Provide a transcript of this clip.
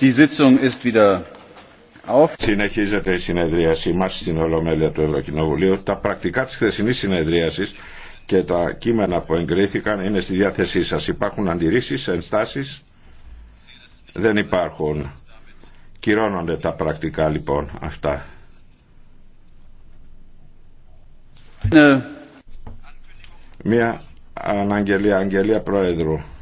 Die Sitzung Συνεχίζεται η συνεδρίασή μα στην Ολομέλεια του Ευρωκοινοβουλίου. Τα πρακτικά τη χθεσινή συνεδρίαση και τα κείμενα που εγκρίθηκαν είναι στη διάθεσή σα. Υπάρχουν αντιρρήσει, ενστάσεις. Δεν υπάρχουν. Κυρώνονται τα πρακτικά λοιπόν αυτά. Ναι. Μια αναγγελία, αγγελία Πρόεδρου.